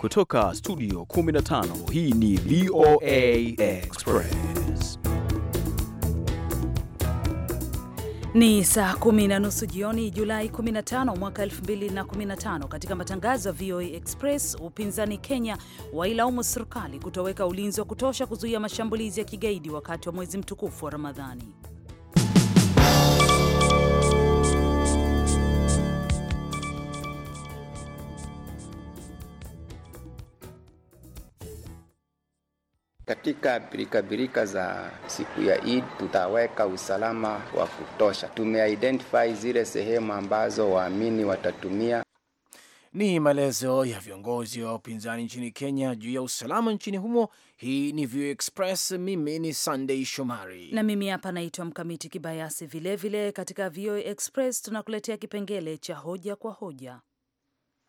Kutoka studio 15 hii ni VOA Express. Ni saa kumi na nusu jioni Julai 15 mwaka 2015. Katika matangazo ya VOA Express, upinzani Kenya wailaumu serikali kutoweka ulinzi wa kutosha kuzuia mashambulizi ya kigaidi wakati wa mwezi mtukufu wa Ramadhani. Katika birikabirika za siku ya Eid tutaweka usalama wa kutosha. Tumeidentify zile sehemu ambazo waamini watatumia. Ni maelezo ya viongozi wa upinzani nchini Kenya juu ya usalama nchini humo. Hii ni View Express. Mimi ni Sunday Shomari na mimi hapa naitwa Mkamiti Kibayasi. Vilevile vile katika View Express tunakuletea kipengele cha hoja kwa hoja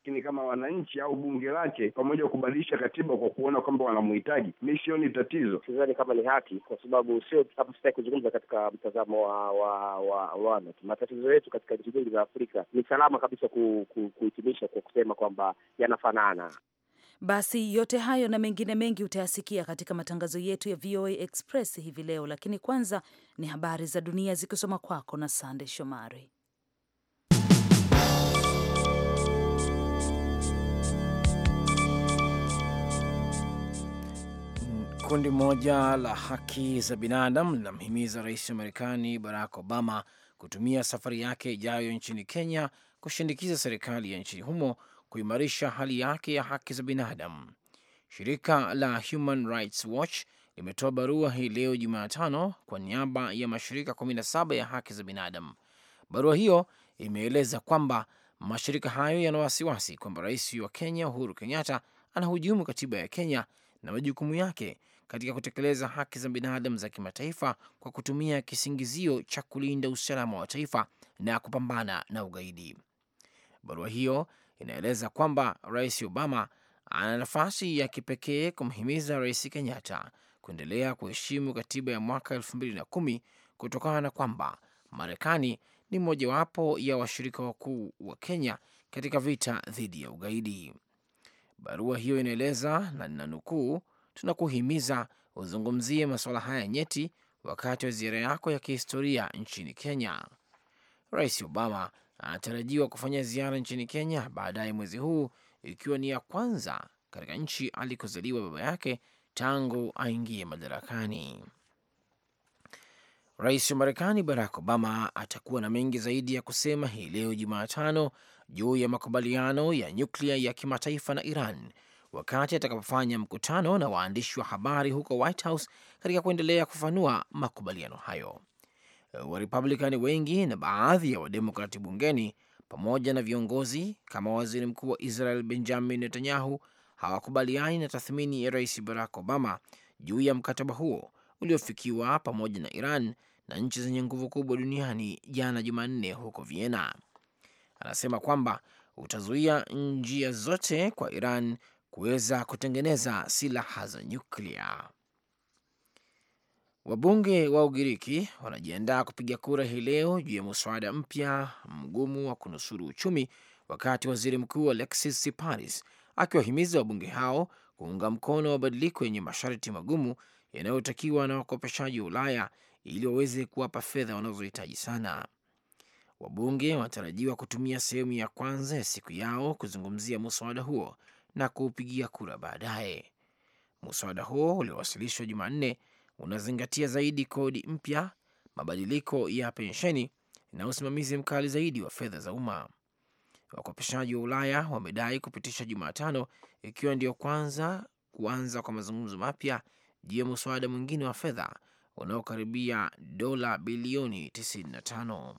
lakini kama wananchi au bunge lake pamoja kubadilisha katiba kwa kuona kwamba wanamhitaji, mi sioni tatizo. Sidhani kama ni haki, kwa sababu sio hapo. Sitaki kuzungumza katika mtazamo wa wa wa wana. Matatizo yetu katika nchi nyingi za Afrika ni salama kabisa kuhitimisha kwa kusema kwamba yanafanana. Basi yote hayo na mengine mengi utayasikia katika matangazo yetu ya VOA Express hivi leo, lakini kwanza ni habari za dunia zikisoma kwako na Sande Shomari. Kundi moja la haki za binadamu linamhimiza rais wa Marekani Barack Obama kutumia safari yake ijayo nchini Kenya kushindikiza serikali ya nchini humo kuimarisha hali yake ya haki za binadamu. Shirika la Human Rights Watch limetoa barua hii leo Jumatano kwa niaba ya mashirika 17 ya haki za binadamu. Barua hiyo imeeleza kwamba mashirika hayo yana wasiwasi kwamba rais wa Kenya Uhuru Kenyatta anahujumu katiba ya Kenya na majukumu yake katika kutekeleza haki za binadamu za kimataifa kwa kutumia kisingizio cha kulinda usalama wa taifa na kupambana na ugaidi. Barua hiyo inaeleza kwamba Rais Obama ana nafasi ya kipekee kumhimiza Rais Kenyatta kuendelea kuheshimu katiba ya mwaka kumi kutokana na kwamba Marekani ni mojawapo ya washirika wakuu wa Kenya katika vita dhidi ya ugaidi. Barua hiyo inaeleza na ninanukuu, tunakuhimiza uzungumzie masuala haya nyeti wakati wa ziara yako ya kihistoria nchini Kenya. Rais Obama anatarajiwa kufanya ziara nchini Kenya baadaye mwezi huu, ikiwa ni ya kwanza katika nchi alikozaliwa baba yake tangu aingie madarakani. Rais wa Marekani Barack Obama atakuwa na mengi zaidi ya kusema hii leo Jumatano juu ya makubaliano ya nyuklia ya kimataifa na Iran wakati atakapofanya mkutano na waandishi wa habari huko White House katika kuendelea kufanua makubaliano hayo. Warepublikani wengi na baadhi ya wademokrati bungeni pamoja na viongozi kama waziri mkuu wa Israel Benjamin Netanyahu hawakubaliani na tathmini ya rais Barack Obama juu ya mkataba huo uliofikiwa pamoja na Iran na nchi zenye nguvu kubwa duniani jana Jumanne huko Vienna. Anasema kwamba utazuia njia zote kwa Iran kuweza kutengeneza silaha za nyuklia. Wabunge wa Ugiriki wanajiandaa kupiga kura hii leo juu ya mswada mpya mgumu wa kunusuru uchumi, wakati waziri mkuu Alexis Siparis akiwahimiza wabunge hao kuunga mkono mabadiliko yenye masharti magumu yanayotakiwa na wakopeshaji wa Ulaya ili waweze kuwapa fedha wanazohitaji sana. Wabunge wanatarajiwa kutumia sehemu ya kwanza ya siku yao kuzungumzia muswada huo na kuupigia kura baadaye. Muswada huo uliowasilishwa Jumanne unazingatia zaidi kodi mpya, mabadiliko ya pensheni na usimamizi mkali zaidi wa fedha za umma. Wakopeshaji wa Ulaya wamedai kupitisha Jumatano, ikiwa ndio kwanza kuanza kwa mazungumzo mapya juu ya muswada mwingine wa fedha unaokaribia dola bilioni 95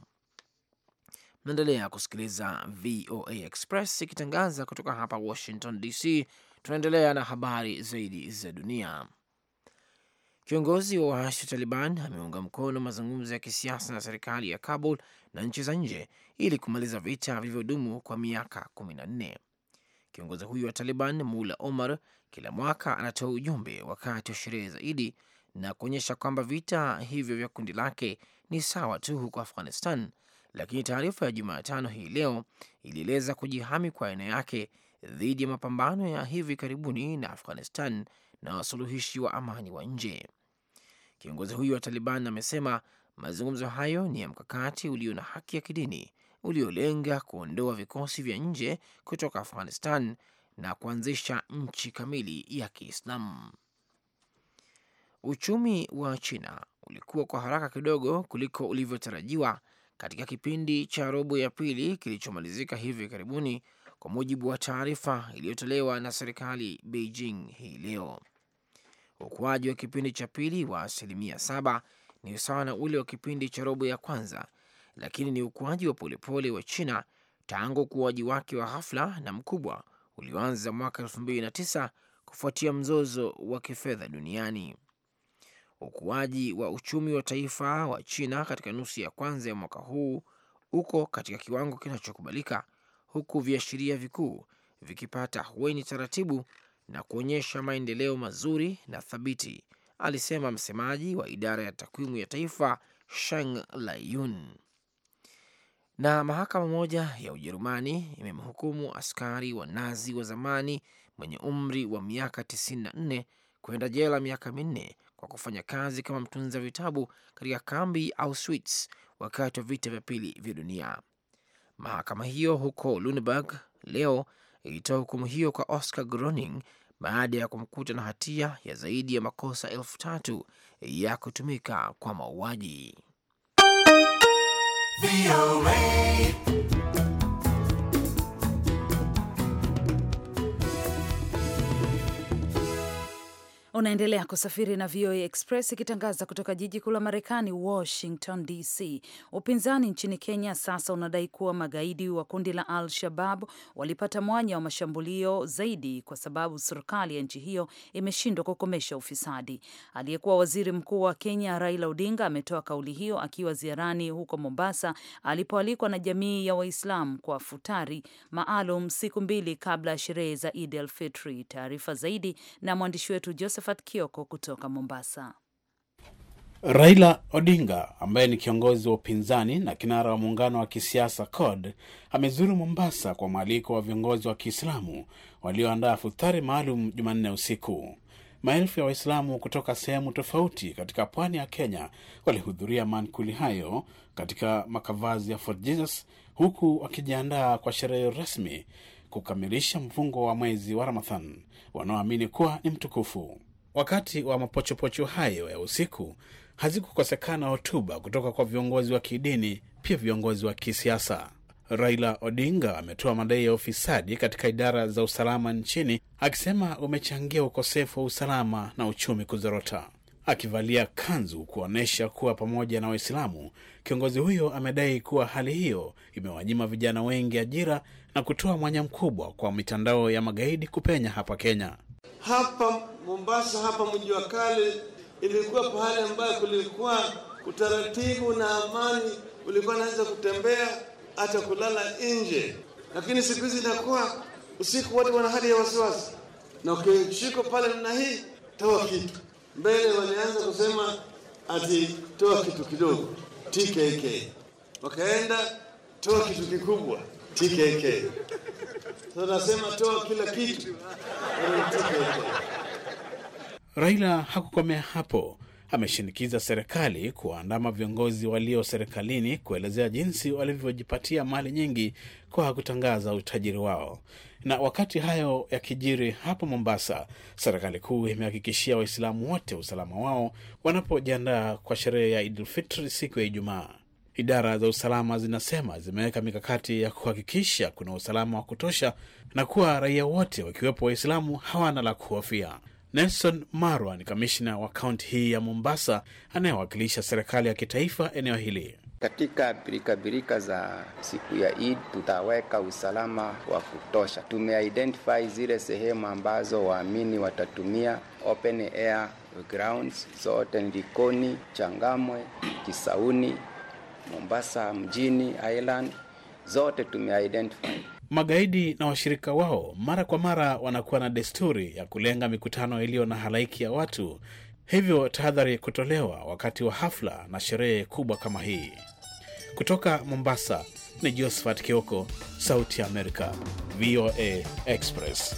naendelea kusikiliza VOA Express ikitangaza kutoka hapa Washington DC. Tunaendelea na habari zaidi za dunia. Kiongozi wa waasi wa Taliban ameunga mkono mazungumzo ya kisiasa na serikali ya Kabul na nchi za nje ili kumaliza vita vilivyodumu kwa miaka kumi na nne. Kiongozi huyo wa Taliban Mula Omar kila mwaka anatoa ujumbe wakati wa sherehe za Idi na kuonyesha kwamba vita hivyo vya kundi lake ni sawa tu huko Afghanistan lakini taarifa ya Jumatano hii leo ilieleza kujihami kwa aina yake dhidi ya mapambano ya hivi karibuni na Afghanistan na wasuluhishi wa amani wa nje. Kiongozi huyo wa Taliban amesema mazungumzo hayo ni ya mkakati ulio na haki ya kidini uliolenga kuondoa vikosi vya nje kutoka Afghanistan na kuanzisha nchi kamili ya Kiislamu. Uchumi wa China ulikuwa kwa haraka kidogo kuliko ulivyotarajiwa katika kipindi cha robo ya pili kilichomalizika hivi karibuni, kwa mujibu wa taarifa iliyotolewa na serikali Beijing hii leo. Ukuaji wa kipindi cha pili wa asilimia saba ni sawa na ule wa kipindi cha robo ya kwanza, lakini ni ukuaji wa polepole wa China tangu ukuaji wake wa ghafla na mkubwa ulioanza mwaka el29 kufuatia mzozo wa kifedha duniani ukuaji wa uchumi wa taifa wa China katika nusu ya kwanza ya mwaka huu uko katika kiwango kinachokubalika, huku viashiria vikuu vikipata hueni taratibu na kuonyesha maendeleo mazuri na thabiti, alisema msemaji wa idara ya takwimu ya taifa Sheng Layun. Na mahakama moja ya Ujerumani imemhukumu askari wa Nazi wa zamani mwenye umri wa miaka 94 kwenda jela miaka minne kwa kufanya kazi kama mtunza vitabu katika kambi Auschwitz wakati wa vita vya pili vya dunia. Mahakama hiyo huko Luneburg leo ilitoa hukumu hiyo kwa Oscar Groning baada ya kumkuta na hatia ya zaidi ya makosa elfu tatu ya kutumika kwa mauaji. Unaendelea kusafiri na VOA Express ikitangaza kutoka jiji kuu la Marekani, Washington DC. Upinzani nchini Kenya sasa unadai kuwa magaidi wa kundi la Al Shabab walipata mwanya wa mashambulio zaidi kwa sababu serikali ya nchi hiyo imeshindwa kukomesha ufisadi. Aliyekuwa waziri mkuu wa Kenya Raila Odinga ametoa kauli hiyo akiwa ziarani huko Mombasa, alipoalikwa na jamii ya Waislamu kwa futari maalum siku mbili kabla ya sherehe za Idi Taarifa zaidi na mwandishi wetu Joseph Josephat Kioko kutoka Mombasa. Raila Odinga ambaye ni kiongozi wa upinzani na kinara wa muungano wa kisiasa CORD amezuru Mombasa kwa mwaliko wa viongozi wa Kiislamu walioandaa futari maalum Jumanne usiku. Maelfu ya Waislamu kutoka sehemu tofauti katika pwani ya Kenya walihudhuria mankuli hayo katika makavazi ya Fort Jesus, huku wakijiandaa kwa sherehe rasmi kukamilisha mfungo wa mwezi wa Ramadhan wanaoamini kuwa ni mtukufu. Wakati wa mapochopocho hayo ya usiku, hazikukosekana hotuba kutoka kwa viongozi wa kidini, pia viongozi wa kisiasa. Raila Odinga ametoa madai ya ufisadi katika idara za usalama nchini, akisema umechangia ukosefu wa usalama na uchumi kuzorota. Akivalia kanzu kuonyesha kuwa pamoja na Waislamu, kiongozi huyo amedai kuwa hali hiyo imewanyima vijana wengi ajira na kutoa mwanya mkubwa kwa mitandao ya magaidi kupenya hapa Kenya hapa Mombasa, hapa mji wa kale, ilikuwa pahali ambayo kulikuwa utaratibu na amani, ulikuwa naweza kutembea hata kulala nje, lakini siku hizi inakuwa usiku watu wana hali ya wasiwasi, na ukishiko pale na hii, toa kitu mbele, walianza kusema ati toa kitu kidogo TKK, wakaenda toa kitu kikubwa TKK. Tunasema toa kila kitu. Raila hakukomea hapo. Ameshinikiza serikali kuwaandama viongozi walio serikalini kuelezea jinsi walivyojipatia mali nyingi kwa kutangaza utajiri wao. Na wakati hayo yakijiri, hapo Mombasa, serikali kuu imehakikishia Waislamu wote usalama wao wanapojiandaa kwa sherehe ya Idul Fitri siku ya Ijumaa. Idara za usalama zinasema zimeweka mikakati ya kuhakikisha kuna usalama wa kutosha na kuwa raia wote wakiwepo Waislamu hawana la kuhofia. Nelson Marwa ni kamishna wa kaunti hii ya Mombasa anayewakilisha serikali ya kitaifa eneo hili. Katika pirikapirika za siku ya Eid tutaweka usalama wa kutosha. Tumeidentify zile sehemu ambazo waamini watatumia open air grounds, zote Likoni, Changamwe, Kisauni Mombasa mjini, Island zote tumeidentify. Magaidi na washirika wao mara kwa mara wanakuwa na desturi ya kulenga mikutano iliyo na halaiki ya watu, hivyo tahadhari kutolewa wakati wa hafla na sherehe kubwa kama hii. Kutoka Mombasa ni Josephat Kioko, Sauti ya Amerika, VOA Express.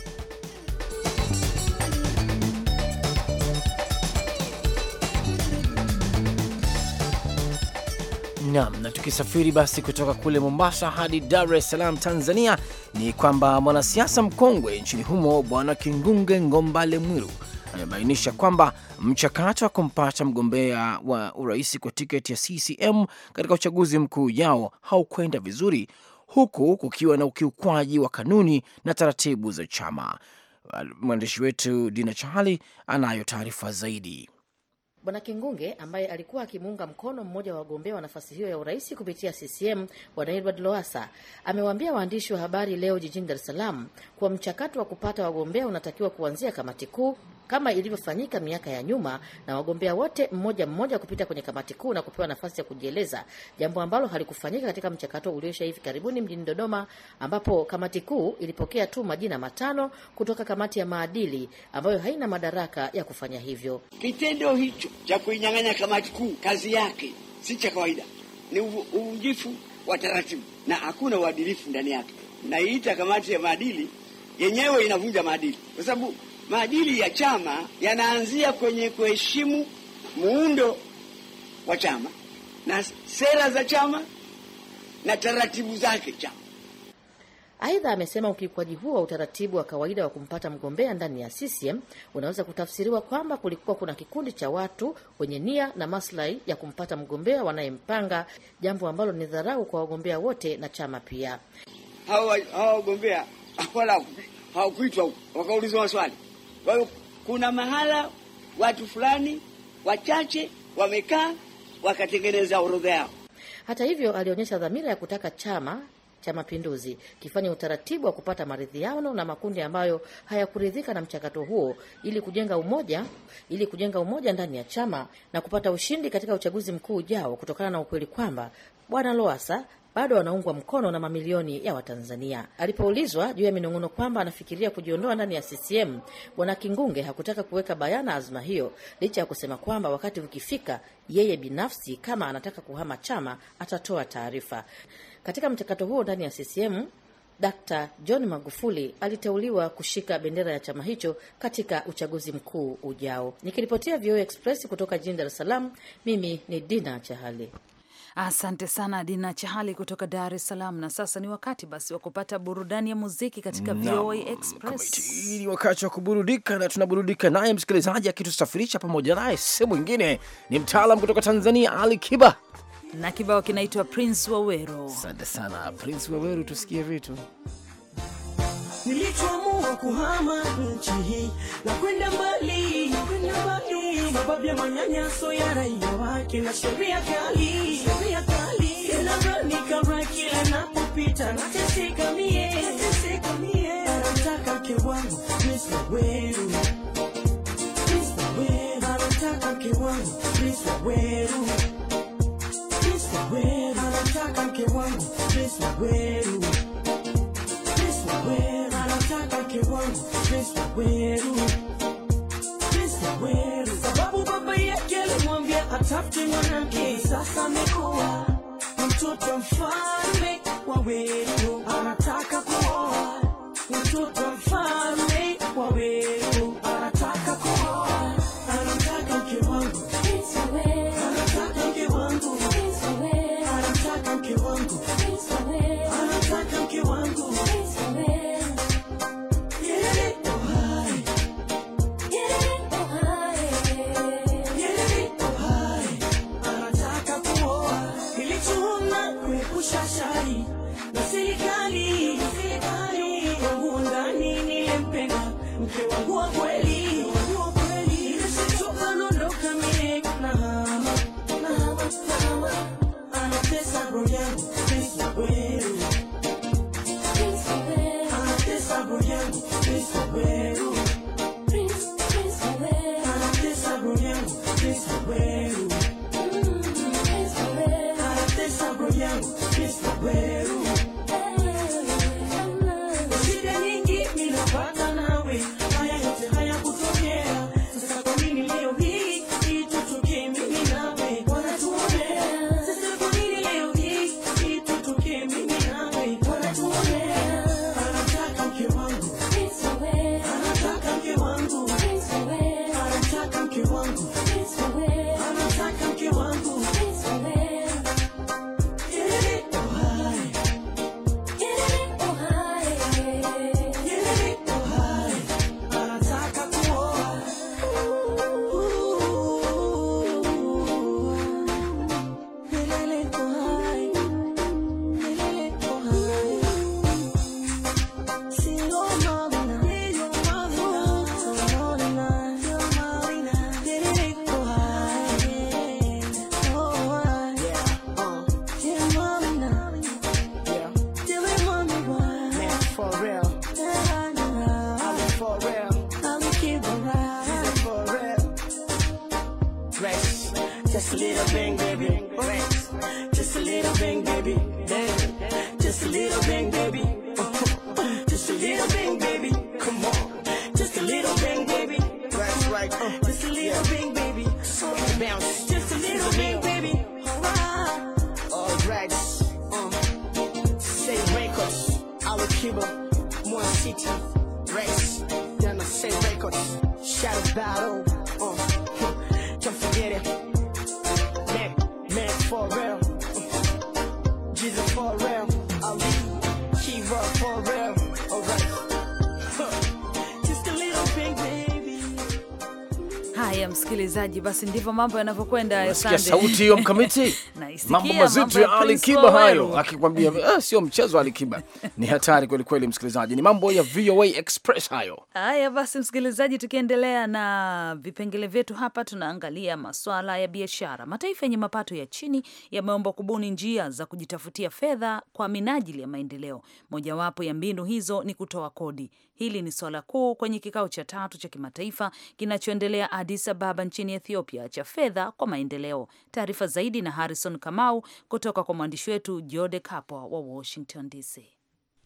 Naam, na tukisafiri basi kutoka kule Mombasa hadi Dar es Salaam, Tanzania, ni kwamba mwanasiasa mkongwe nchini humo Bwana Kingunge Ngombale Mwiru amebainisha kwamba mchakato wa kumpata mgombea wa urais kwa tiketi ya CCM katika uchaguzi mkuu ujao haukwenda vizuri, huku kukiwa na ukiukwaji wa kanuni na taratibu za chama. Mwandishi wetu Dina Chahali anayo taarifa zaidi. Bwana Kingunge ambaye alikuwa akimuunga mkono mmoja wa wagombea wa nafasi hiyo ya urais kupitia CCM Bwana Edward Lowassa amewaambia waandishi wa habari leo jijini Dar es Salaam kuwa mchakato wa kupata wagombea unatakiwa kuanzia kamati kuu kama ilivyofanyika miaka ya nyuma, na wagombea wote mmoja mmoja kupita kwenye kamati kuu na kupewa nafasi ya kujieleza, jambo ambalo halikufanyika katika mchakato ulioisha hivi karibuni mjini Dodoma, ambapo kamati kuu ilipokea tu majina matano kutoka kamati ya maadili ambayo haina madaraka ya kufanya hivyo. Kitendo hicho cha kuinyang'anya kamati kuu kazi yake si cha kawaida, ni uvunjifu wa taratibu na hakuna uadilifu ndani yake. Naiita kamati ya maadili yenyewe inavunja maadili kwa sababu maadili ya chama yanaanzia kwenye kuheshimu muundo wa chama na sera za chama na taratibu zake chama. Aidha, amesema ukiukwaji huo wa utaratibu wa kawaida wa kumpata mgombea ndani ya CCM unaweza kutafsiriwa kwamba kulikuwa kuna kikundi cha watu wenye nia na maslahi ya kumpata mgombea wanayempanga, jambo ambalo ni dharau kwa wagombea wote na chama pia. Hawa wagombea wala hawakuitwa wakaulizwa maswali kuna mahala watu fulani wachache wamekaa wakatengeneza orodha yao. Hata hivyo, alionyesha dhamira ya kutaka Chama cha Mapinduzi kifanye utaratibu wa kupata maridhiano na makundi ambayo hayakuridhika na mchakato huo ili kujenga umoja ili kujenga umoja ndani ya chama na kupata ushindi katika uchaguzi mkuu ujao, kutokana na ukweli kwamba Bwana loasa bado wanaungwa mkono na mamilioni ya Watanzania. Alipoulizwa juu ya minong'ono kwamba anafikiria kujiondoa ndani ya CCM, Bwana Kingunge hakutaka kuweka bayana azma hiyo, licha ya kusema kwamba wakati ukifika, yeye binafsi kama anataka kuhama chama atatoa taarifa. Katika mchakato huo ndani ya CCM, Dkt. John Magufuli aliteuliwa kushika bendera ya chama hicho katika uchaguzi mkuu ujao. Nikiripotia VOA Express kutoka jijini Dar es Salaam, mimi ni Dina Chahali. Asante sana Dina Chahali kutoka Dar es Salaam. Na sasa ni wakati basi wa kupata burudani ya muziki katika VOA Express. Ni wakati wa kuburudika na tunaburudika naye msikilizaji akitusafirisha pamoja naye sehemu ingine. Ni mtaalam kutoka Tanzania, Ali Kiba na kibao kinaitwa Prince Wawero. Asante sana Prince Wawero, tusikie vitu Nilichoamua kuhama nchi hii na kwenda mbali, kwenda mbali, sababu ya manyanyaso ya raia wake na sheria kali, sheria kali, nadhani kama kila napopita nateseka mie, nateseka mie, nataka mke wangu Mr. Weru, Mr. Weru, nataka mke wangu Kristo weru, Kristo weru, sababu Sasa amekuwa mtoto anataka kuoa mtoto mfalme wa weru. battle. Uh, don't forget it. Man, man, for real. Uh, Jesus for real. Ali, Kiva for real. Alright. Huh. Just a little pink baby. Haya, msikilizaji, basi ndivyo mambo yanavyokwenda. Sauti hiyo mkamiti mambo mazito ya Alikiba hayo, akikwambia ah, sio mchezo. Alikiba ni hatari kwelikweli. Msikilizaji, ni mambo ya VOA Express hayo. Haya basi, msikilizaji, tukiendelea na vipengele vyetu hapa, tunaangalia maswala ya biashara. Mataifa yenye mapato ya chini yameomba kubuni njia za kujitafutia fedha kwa minajili ya maendeleo. Mojawapo ya mbinu hizo ni kutoa kodi. Hili ni swala kuu kwenye kikao cha tatu cha kimataifa kinachoendelea Addis Ababa nchini Ethiopia cha fedha kwa maendeleo. Taarifa zaidi na Harrison Kamau kutoka kwa mwandishi wetu Jode Kapwa wa Washington DC.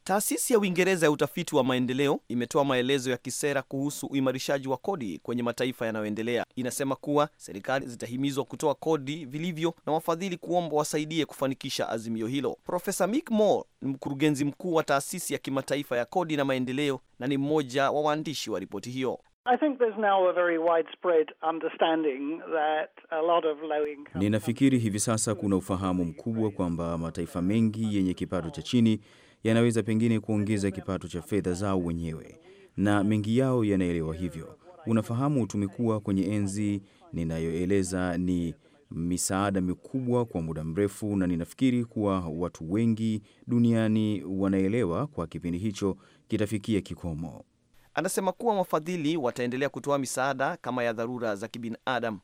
Taasisi ya Uingereza ya utafiti wa maendeleo imetoa maelezo ya kisera kuhusu uimarishaji wa kodi kwenye mataifa yanayoendelea. Inasema kuwa serikali zitahimizwa kutoa kodi vilivyo na wafadhili kuomba wasaidie kufanikisha azimio hilo. Profesa Mick Moore ni mkurugenzi mkuu wa taasisi ya kimataifa ya kodi na maendeleo na ni mmoja wa waandishi wa ripoti hiyo. Ninafikiri hivi sasa kuna ufahamu mkubwa kwamba mataifa mengi yenye kipato cha chini yanaweza pengine kuongeza kipato cha fedha zao wenyewe, na mengi yao yanaelewa hivyo. Unafahamu, tumekuwa kwenye enzi ninayoeleza ni misaada mikubwa kwa muda mrefu, na ninafikiri kuwa watu wengi duniani wanaelewa kwa kipindi hicho kitafikia kikomo. Anasema kuwa wafadhili wataendelea kutoa misaada kama ya dharura za kibinadamu.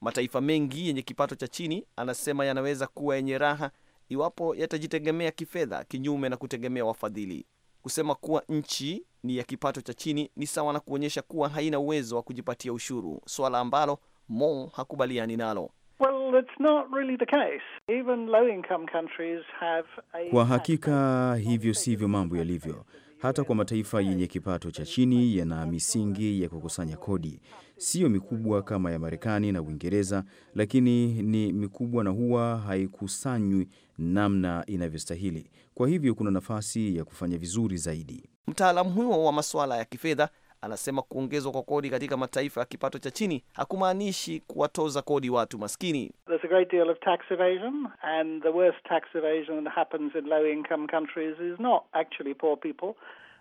Mataifa mengi yenye kipato cha chini, anasema, yanaweza kuwa yenye raha iwapo yatajitegemea kifedha, kinyume na kutegemea wafadhili. Kusema kuwa nchi ni ya kipato cha chini ni sawa na kuonyesha kuwa haina uwezo wa kujipatia ushuru, swala ambalo Mo hakubaliani nalo. Well, it's not really the case. Even low income countries have a... kwa hakika hivyo sivyo mambo yalivyo hata kwa mataifa yenye kipato cha chini yana misingi ya kukusanya kodi, siyo mikubwa kama ya Marekani na Uingereza, lakini ni mikubwa na huwa haikusanywi namna inavyostahili. Kwa hivyo kuna nafasi ya kufanya vizuri zaidi. Mtaalamu huyo wa masuala ya kifedha Anasema kuongezwa kwa kodi katika mataifa ya kipato cha chini hakumaanishi kuwatoza kodi watu maskini.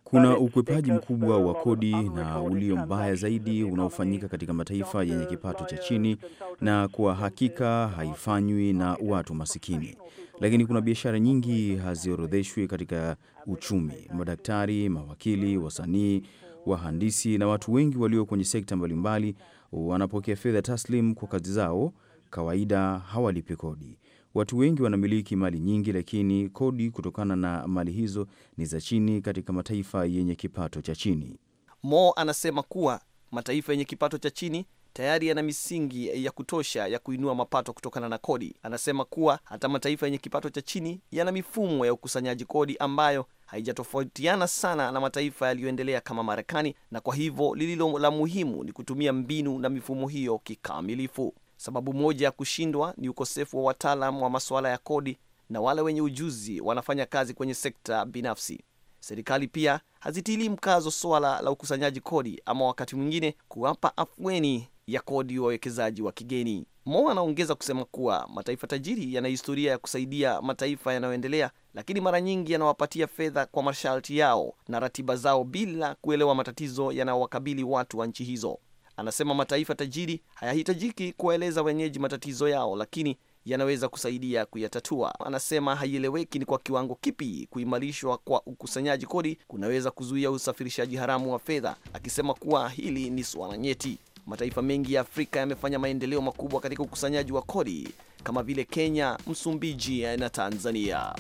Kuna ukwepaji mkubwa wa kodi na ulio mbaya zaidi unaofanyika katika mataifa yenye kipato cha chini, na kwa hakika haifanywi na watu masikini. Lakini kuna biashara nyingi haziorodheshwi katika uchumi: madaktari, mawakili, wasanii wahandisi na watu wengi walio kwenye sekta mbalimbali wanapokea fedha taslim kwa kazi zao. Kawaida hawalipi kodi. Watu wengi wanamiliki mali nyingi, lakini kodi kutokana na mali hizo ni za chini katika mataifa yenye kipato cha chini. Mo anasema kuwa mataifa yenye kipato cha chini tayari yana misingi ya kutosha ya kuinua mapato kutokana na kodi. Anasema kuwa hata mataifa yenye kipato cha chini yana mifumo ya ukusanyaji kodi ambayo haijatofautiana sana na mataifa yaliyoendelea kama Marekani, na kwa hivyo lililo la muhimu ni kutumia mbinu na mifumo hiyo kikamilifu. Sababu moja ya kushindwa ni ukosefu wa wataalam wa masuala ya kodi na wale wenye ujuzi wanafanya kazi kwenye sekta binafsi. Serikali pia hazitilii mkazo swala la ukusanyaji kodi ama wakati mwingine kuwapa afweni ya kodi wawekezaji wa kigeni. Mo anaongeza kusema kuwa mataifa tajiri yana historia ya kusaidia mataifa yanayoendelea, lakini mara nyingi yanawapatia fedha kwa masharti yao na ratiba zao bila kuelewa matatizo yanayowakabili watu wa nchi hizo. Anasema mataifa tajiri hayahitajiki kuwaeleza wenyeji matatizo yao, lakini yanaweza kusaidia kuyatatua. Anasema haieleweki ni kwa kiwango kipi kuimarishwa kwa ukusanyaji kodi kunaweza kuzuia usafirishaji haramu wa fedha, akisema kuwa hili ni suala nyeti mataifa mengi ya Afrika yamefanya maendeleo makubwa katika ukusanyaji wa kodi kama vile Kenya, Msumbiji na Tanzania.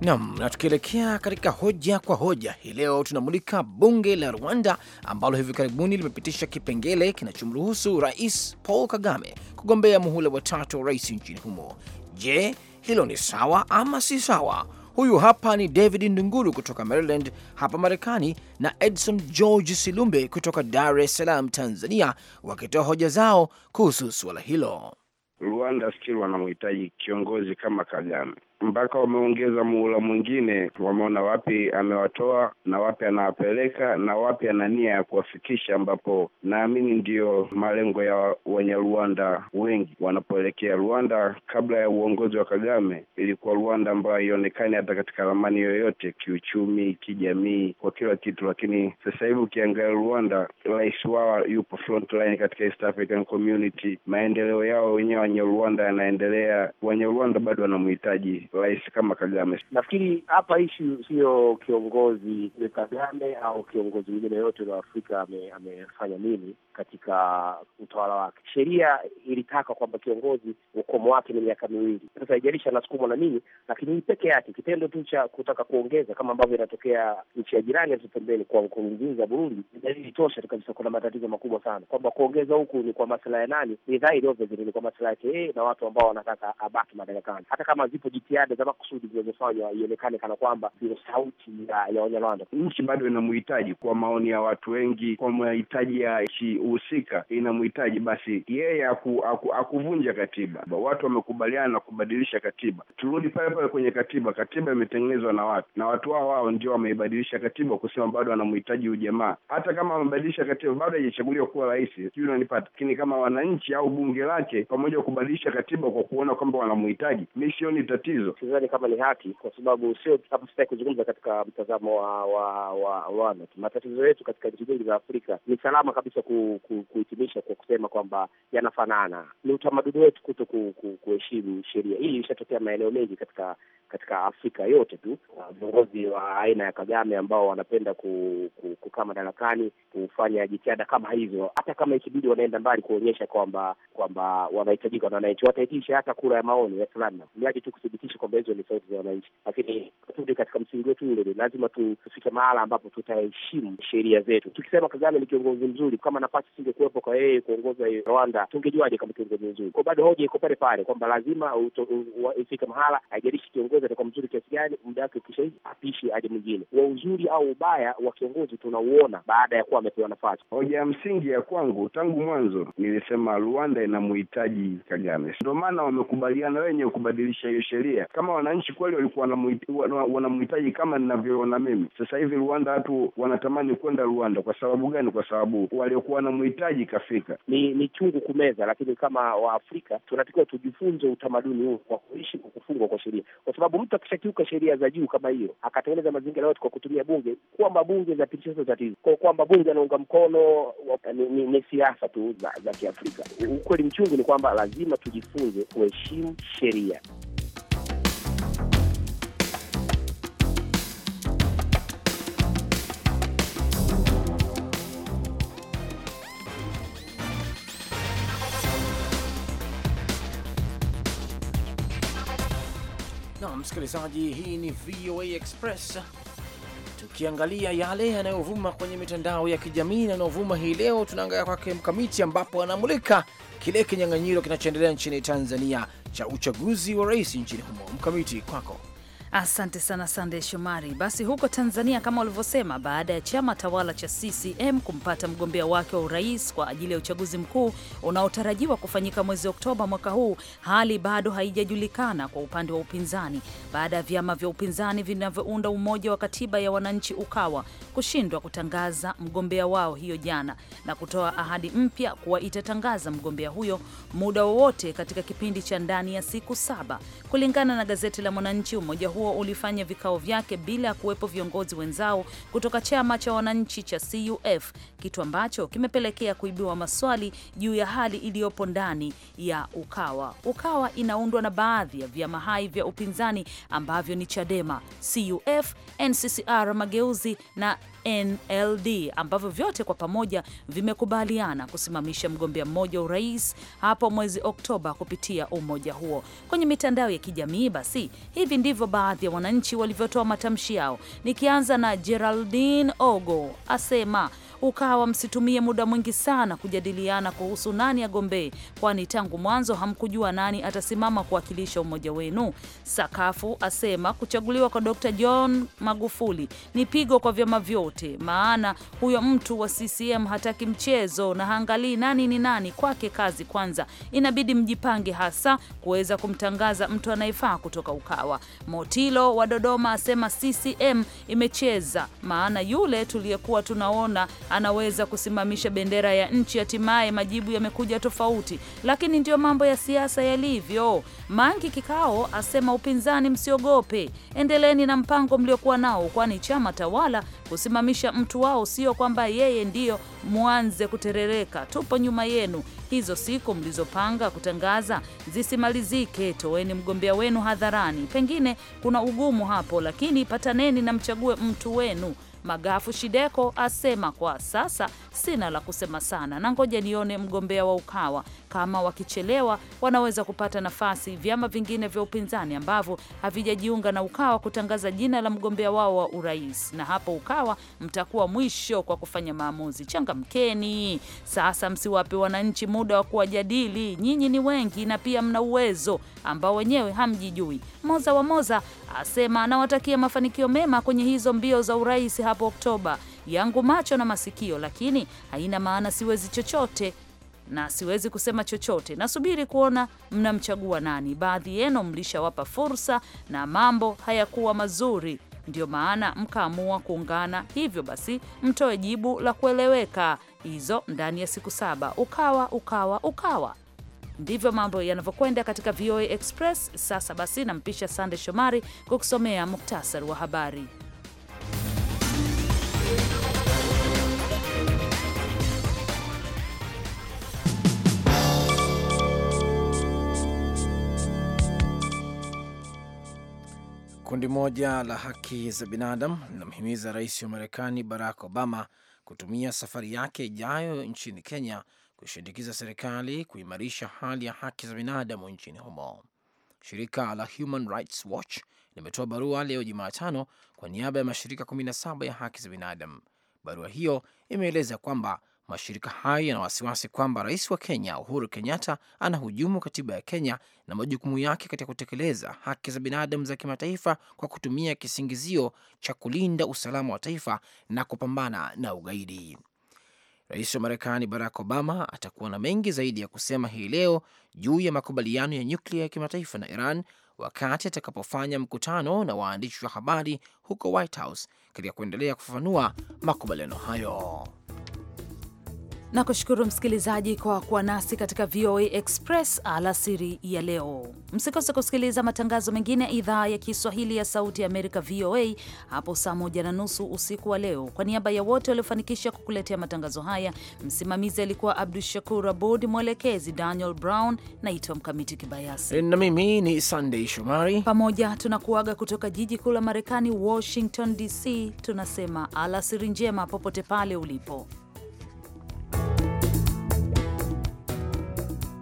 Nam, na tukielekea katika hoja kwa hoja hii leo, tunamulika bunge la Rwanda ambalo hivi karibuni limepitisha kipengele kinachomruhusu Rais Paul Kagame kugombea muhula wa tatu wa rais nchini humo. Je, hilo ni sawa ama si sawa? Huyu hapa ni David Ndunguru kutoka Maryland hapa Marekani na Edson George Silumbe kutoka Dar es Salaam Tanzania, wakitoa hoja zao kuhusu suala hilo. Rwanda skili wanamhitaji kiongozi kama Kagame mpaka wameongeza muhula mwingine, wameona wapi amewatoa na wapi anawapeleka na wapi ana nia ya kuwafikisha, ambapo naamini ndiyo malengo ya wenye Rwanda wengi wanapoelekea. Rwanda kabla ya uongozi wa Kagame ilikuwa Rwanda ambayo haionekani hata katika ramani yoyote, kiuchumi, kijamii, kwa kila kitu, lakini sasa hivi ukiangalia Rwanda, rais wao yupo front line katika East African Community, maendeleo yao wenyewe wenye Rwanda yanaendelea, wenye Rwanda bado wanamhitaji rais kama Kagame. Nafikiri hapa ishu siyo kiongozi Kagame au kiongozi mwingine yote wa Afrika amefanya ame nini katika utawala wake. Sheria ilitaka kwamba kiongozi ukomo wake ni miaka miwili. Sasa haijalishi anasukumwa na nini, lakini hii peke yake kitendo tu cha kutaka kuongeza kama ambavyo inatokea nchi ya jirani hapo pembeni kwa nkurunziza Burundi, dalili tosha tu kabisa kuna matatizo makubwa sana, kwamba kuongeza huku ni kwa maslahi ya nani? Ni dhahiri obviously ni kwa maslahi yake yeye na watu ambao wanataka abaki madarakani, hata kama zipo jitihada jitihada za makusudi zinazofanywa ionekane kana kwamba ndio sauti ya Wanyarwanda. Nchi bado inamhitaji, kwa maoni ya watu wengi, kwa mahitaji ya nchi husika inamhitaji. Basi yeye aku, aku, akuvunja katiba. Watu wamekubaliana na kubadilisha katiba, turudi pale pale kwenye katiba. Katiba imetengenezwa na watu na watu hao hao ndio wameibadilisha katiba, kusema bado wanamhitaji ujamaa Hata kama wamebadilisha katiba, bado haijachaguliwa kuwa rais, sijui unanipata. Lakini kama wananchi au bunge lake pamoja kubadilisha katiba kwa kuona kwamba wanamhitaji, mi sioni tatizo hilo. Sidhani kama ni haki, kwa sababu sio hapa, sitaki kuzungumza katika mtazamo wa wa wa wano. Matatizo yetu katika nchi nyingi za Afrika ni salama kabisa kuhitimisha ku, kwa kusema kwamba yanafanana. Ni utamaduni wetu kuto kuheshimu ku, sheria. Hii ishatokea maeneo mengi katika katika Afrika yote tu. Uh, viongozi wa aina ya Kagame ambao wanapenda kukaa madarakani kufanya jitihada kama hizo, hata kama ikibidi wanaenda mbali kuonyesha kwamba kwamba wanahitajika na wananchi, wataitisha hata kura ya maoni referendum, mradi tu kuthibitisha kwamba hizo ni sauti za wananchi. Lakini turudi katika msingi wetu ule, lazima tufike mahala ambapo tutaheshimu sheria zetu. Tukisema Kagame ni kiongozi mzuri, kama nafasi isingekuwepo kwa yeye kuongoza Rwanda, tungejuaje kama kiongozi mzuri? Kwa bado hoja iko pale pale kwamba lazima ufike mahala, haijalishi kiongozi kiongozi atakuwa mzuri kiasi gani, muda wake hivi apishe aje mwingine. Wa uzuri au ubaya wa kiongozi tunauona baada ya kuwa amepewa nafasi. Hoja ya msingi ya kwangu tangu mwanzo nilisema Rwanda inamhitaji Kagame, ndio maana wamekubaliana wenye kubadilisha hiyo sheria. Kama wananchi kweli walikuwa wanamhitaji kama ninavyoona mimi, sasa hivi Rwanda watu wanatamani kwenda Rwanda. Kwa sababu gani? Kwa sababu waliokuwa wanamhitaji kafika. Ni ni chungu kumeza, lakini kama Waafrika tunatakiwa tujifunze utamaduni huu wa kuishi kwa kufungwa kwa sheria, kwa sababu sababu mtu akishakiuka sheria za juu kama hiyo akatengeneza mazingira yote kwa kutumia bunge, kwamba bunge zinapitisha tatizo, kwa kwamba bunge anaunga mkono ni, ni, ni siasa tu za, za Kiafrika. Ukweli mchungu ni kwamba lazima tujifunze kuheshimu sheria. msikilizaji, hii ni VOA Express tukiangalia yale yanayovuma kwenye mitandao ya kijamii na yanayovuma hii leo. Tunaangalia kwake Mkamiti, ambapo anamulika kile kinyang'anyiro kinachoendelea nchini Tanzania cha uchaguzi wa rais nchini humo. Mkamiti, kwako. Asante sana Sande Shomari. Basi huko Tanzania, kama ulivyosema, baada ya chama tawala cha CCM kumpata mgombea wake wa urais kwa ajili ya uchaguzi mkuu unaotarajiwa kufanyika mwezi Oktoba mwaka huu, hali bado haijajulikana kwa upande wa upinzani baada ya vyama vya upinzani vinavyounda Umoja wa Katiba ya Wananchi Ukawa kushindwa kutangaza mgombea wao hiyo jana na kutoa ahadi mpya kuwa itatangaza mgombea huyo muda wowote katika kipindi cha ndani ya siku saba, kulingana na gazeti la Mwananchi. Umoja huo ulifanya vikao vyake bila ya kuwepo viongozi wenzao kutoka chama cha wananchi cha CUF, kitu ambacho kimepelekea kuibiwa maswali juu ya hali iliyopo ndani ya Ukawa. Ukawa inaundwa na baadhi ya vyama hai vya upinzani ambavyo ni Chadema, CUF, NCCR Mageuzi na NLD ambavyo vyote kwa pamoja vimekubaliana kusimamisha mgombea mmoja urais hapo mwezi Oktoba kupitia umoja huo. Kwenye mitandao ya kijamii basi, hivi ndivyo baadhi ya wananchi walivyotoa matamshi yao, nikianza na Geraldine Ogo asema ukawa msitumie muda mwingi sana kujadiliana kuhusu nani agombee, kwani tangu mwanzo hamkujua nani atasimama kuwakilisha umoja wenu. Sakafu asema kuchaguliwa kwa Dr. John Magufuli ni pigo kwa vyama vyote, maana huyo mtu wa CCM hataki mchezo na haangalii nani ni nani. Kwake kazi kwanza, inabidi mjipange hasa kuweza kumtangaza mtu anayefaa kutoka Ukawa. Motilo wa Dodoma asema CCM imecheza, maana yule tuliyekuwa tunaona anaweza kusimamisha bendera ya nchi. Hatimaye majibu yamekuja tofauti, lakini ndiyo mambo ya siasa yalivyo. Mangi Kikao asema upinzani, msiogope, endeleni na mpango mliokuwa nao, kwani chama tawala kusimamisha mtu wao sio kwamba yeye ndiyo mwanze kuterereka. Tupo nyuma yenu, hizo siku mlizopanga kutangaza zisimalizike. Toweni mgombea wenu hadharani, pengine kuna ugumu hapo, lakini pataneni na mchague mtu wenu Magafu Shideko asema kwa sasa sina la kusema sana, na ngoja nione mgombea wa Ukawa kama wakichelewa wanaweza kupata nafasi vyama vingine vya upinzani ambavyo havijajiunga na Ukawa kutangaza jina la mgombea wao wa urais, na hapo Ukawa mtakuwa mwisho kwa kufanya maamuzi. Changamkeni sasa, msiwape wananchi muda wa kuwajadili. Nyinyi ni wengi na pia mna uwezo ambao wenyewe hamjijui. Moza wa Moza asema anawatakia mafanikio mema kwenye hizo mbio za urais hapo Oktoba yangu macho na masikio, lakini haina maana siwezi chochote na siwezi kusema chochote. Nasubiri kuona mnamchagua nani. Baadhi yenu mlishawapa fursa na mambo hayakuwa mazuri, ndio maana mkaamua kuungana. Hivyo basi, mtoe jibu la kueleweka hizo ndani ya siku saba. Ukawa ukawa ukawa. Ndivyo mambo yanavyokwenda katika VOA Express. Sasa basi, nampisha Sande Shomari kukusomea muktasari wa habari. Kundi moja la haki za binadamu linamhimiza rais wa Marekani Barack Obama kutumia safari yake ijayo nchini Kenya kushindikiza serikali kuimarisha hali ya haki za binadamu nchini humo. Shirika la Human Rights Watch limetoa barua leo Jumatano kwa niaba ya mashirika 17 ya haki za binadamu. Barua hiyo imeeleza kwamba Mashirika hayo yana wasiwasi kwamba rais wa Kenya Uhuru Kenyatta anahujumu katiba ya Kenya na majukumu yake katika kutekeleza haki za binadamu za kimataifa kwa kutumia kisingizio cha kulinda usalama wa taifa na kupambana na ugaidi. Rais wa Marekani Barack Obama atakuwa na mengi zaidi ya kusema hii leo juu ya makubaliano ya nyuklia ya kimataifa na Iran wakati atakapofanya mkutano na waandishi wa habari huko White House katika kuendelea kufafanua makubaliano hayo na kushukuru msikilizaji kwa kuwa nasi katika VOA Express alasiri ya leo. Msikose kusikiliza matangazo mengine ya idhaa ya Kiswahili ya Sauti ya Amerika, VOA, hapo saa moja na nusu usiku wa leo. Kwa niaba ya wote waliofanikisha kukuletea matangazo haya, msimamizi alikuwa Abdu Shakur Abud, mwelekezi Daniel Brown. Naitwa Mkamiti Kibayasi na mimi ni Sandey Shomari. Pamoja tunakuaga kutoka jiji kuu la Marekani, Washington DC. Tunasema alasiri njema popote pale ulipo.